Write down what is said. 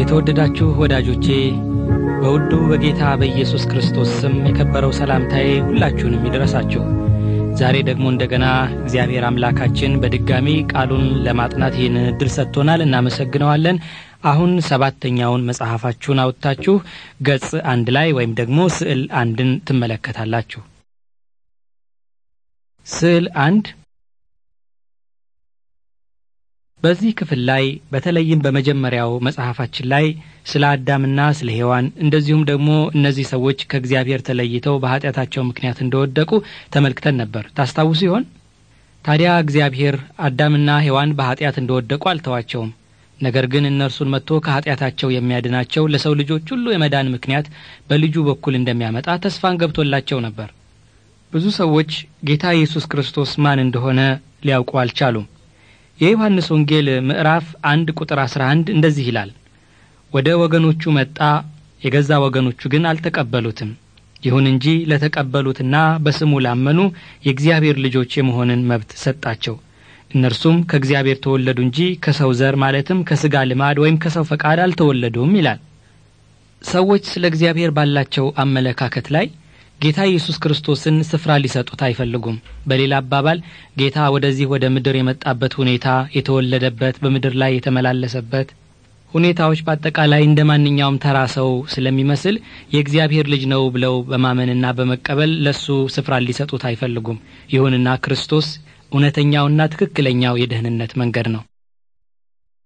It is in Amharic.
የተወደዳችሁ ወዳጆቼ በውዱ በጌታ በኢየሱስ ክርስቶስ ስም የከበረው ሰላምታዬ ሁላችሁንም ይደረሳችሁ ዛሬ ደግሞ እንደገና እግዚአብሔር አምላካችን በድጋሚ ቃሉን ለማጥናት ይህንን እድል ሰጥቶናል፣ እናመሰግነዋለን። አሁን ሰባተኛውን መጽሐፋችሁን አውጥታችሁ ገጽ አንድ ላይ ወይም ደግሞ ስዕል አንድን ትመለከታላችሁ። ስዕል አንድ በዚህ ክፍል ላይ በተለይም በመጀመሪያው መጽሐፋችን ላይ ስለ አዳምና ስለ ሔዋን እንደዚሁም ደግሞ እነዚህ ሰዎች ከእግዚአብሔር ተለይተው በኃጢአታቸው ምክንያት እንደወደቁ ተመልክተን ነበር። ታስታውሱ ይሆን? ታዲያ እግዚአብሔር አዳምና ሔዋን በኃጢአት እንደወደቁ አልተዋቸውም። ነገር ግን እነርሱን መጥቶ ከኃጢአታቸው የሚያድናቸው ለሰው ልጆች ሁሉ የመዳን ምክንያት በልጁ በኩል እንደሚያመጣ ተስፋን ገብቶላቸው ነበር። ብዙ ሰዎች ጌታ ኢየሱስ ክርስቶስ ማን እንደሆነ ሊያውቁ አልቻሉም። የዮሐንስ ወንጌል ምዕራፍ አንድ ቁጥር 11 እንደዚህ ይላል፣ ወደ ወገኖቹ መጣ፣ የገዛ ወገኖቹ ግን አልተቀበሉትም። ይሁን እንጂ ለተቀበሉትና በስሙ ላመኑ የእግዚአብሔር ልጆች የመሆንን መብት ሰጣቸው። እነርሱም ከእግዚአብሔር ተወለዱ እንጂ ከሰው ዘር ማለትም ከሥጋ ልማድ ወይም ከሰው ፈቃድ አልተወለዱም ይላል። ሰዎች ስለ እግዚአብሔር ባላቸው አመለካከት ላይ ጌታ ኢየሱስ ክርስቶስን ስፍራ ሊሰጡት አይፈልጉም። በሌላ አባባል ጌታ ወደዚህ ወደ ምድር የመጣበት ሁኔታ፣ የተወለደበት፣ በምድር ላይ የተመላለሰበት ሁኔታዎች በአጠቃላይ እንደ ማንኛውም ተራ ሰው ስለሚመስል የእግዚአብሔር ልጅ ነው ብለው በማመንና በመቀበል ለሱ ስፍራ ሊሰጡት አይፈልጉም። ይሁንና ክርስቶስ እውነተኛውና ትክክለኛው የደህንነት መንገድ ነው።